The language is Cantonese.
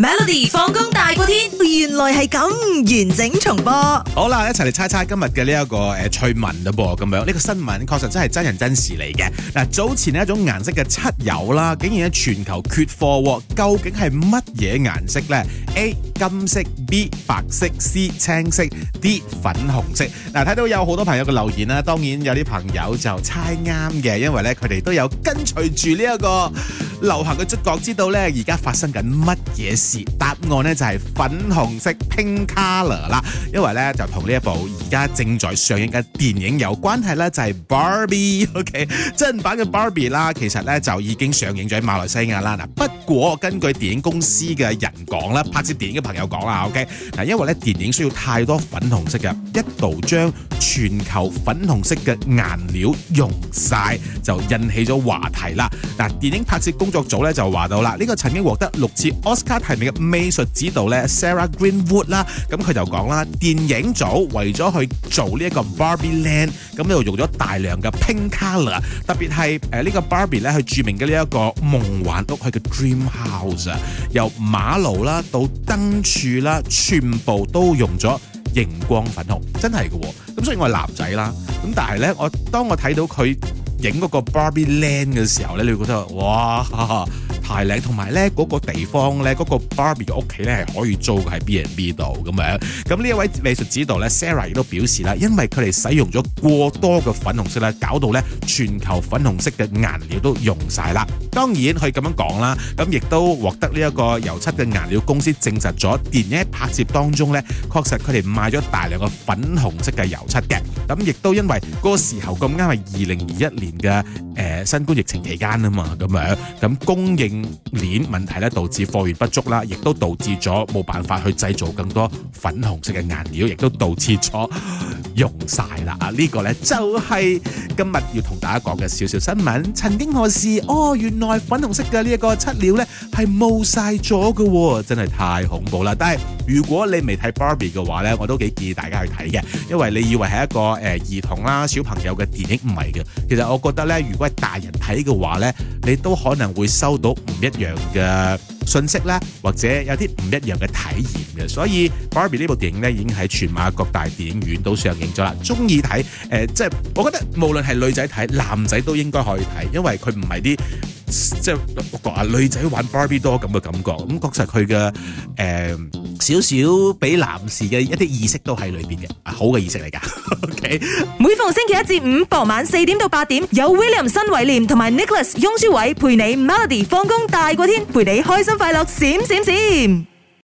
Melody 放工大過天，原來係咁完整重播。好啦，一齊嚟猜猜今日嘅呢一個誒、呃、趣聞啦噃，咁樣呢、呢個新聞確實真係真人真事嚟嘅。嗱，早前呢一種顏色嘅漆油啦，竟然喺全球缺貨，究竟係乜嘢顏色呢？A 金色，B 白色，C 青色，D 粉紅色。嗱，睇到有好多朋友嘅留言啦，當然有啲朋友就猜啱嘅，因為咧佢哋都有跟隨住呢一個流行嘅觸角，知道咧而家發生緊乜嘢事。答案呢就係粉紅色 pink color 啦，因為呢就同呢一部而家正在上映嘅電影有關係呢就係 Barbie，OK 真版嘅 Barbie 啦，其實呢就已經上映咗喺馬來西亞啦嗱。不過根據電影公司嘅人講啦，拍攝電影嘅朋友講啦，OK 嗱，因為呢電影需要太多粉紅色嘅，一度將全球粉紅色嘅顏料用晒，就引起咗話題啦。嗱，電影拍攝工作組呢就話到啦，呢個曾經獲得六次奧斯卡提名嘅美術指導咧 Sarah Greenwood 啦，咁佢就講啦，電影組為咗去做呢一個 Barbie Land，咁呢度用咗大量嘅 pink colour，特別係誒呢個 Barbie 咧，佢著名嘅呢一個夢幻屋，佢嘅 Dream House 啊，由馬路啦到燈柱啦，全部都用咗熒光粉紅，真係㗎喎。咁所以我係男仔啦，咁但係咧，我當我睇到佢影嗰個 Barbie Land 嘅時候咧，你會覺得哇～牌領同埋咧嗰個地方咧，嗰個 Barbie 嘅屋企咧係可以租嘅，喺 B&B 度咁樣。咁呢一位美術指導咧 Sarah 亦都表示啦，因為佢哋使用咗過多嘅粉紅色啦，搞到咧全球粉紅色嘅顏料都用曬啦。當然佢咁樣講啦，咁亦都獲得呢一個油漆嘅顏料公司證實咗，電影拍攝當中咧確實佢哋賣咗大量嘅粉紅色嘅油漆嘅。咁亦都因為嗰個時候咁啱係二零二一年嘅誒新冠疫情期間啊嘛，咁樣咁供應鏈問題咧，導致貨源不足啦，亦都導致咗冇辦法去製造更多粉紅色嘅顏料，亦都導致咗。 用晒啦啊！呢個呢，就係今日要同大家講嘅小小新聞。曾經何時哦？原來粉紅色嘅呢一個漆料呢係冇晒咗嘅，真係太恐怖啦！但係如果你未睇 Barbie 嘅話呢，我都幾建議大家去睇嘅，因為你以為係一個誒、呃、兒童啦，小朋友嘅電影，唔係嘅。其實我覺得呢，如果係大人睇嘅話呢，你都可能會收到唔一樣嘅。信息啦，或者有啲唔一樣嘅體驗嘅，所以 Barbie 呢部電影呢，已經喺全馬各大電影院都上映咗啦。中意睇誒，即係，呃，就是，我覺得無論係女仔睇，男仔都應該可以睇，因為佢唔係啲。即係覺啊，女仔玩 Barbie 多咁嘅感覺，咁確實佢嘅，誒，少少俾男士嘅一啲意識都喺裏邊嘅，好嘅意識嚟㗎。 每逢星期一至五傍晚四點到八點，有 William 新偉廉同埋 Nicholas 雍舒偉陪你 Melody 放工大過天，陪你開心快樂閃閃閃，閃閃閃。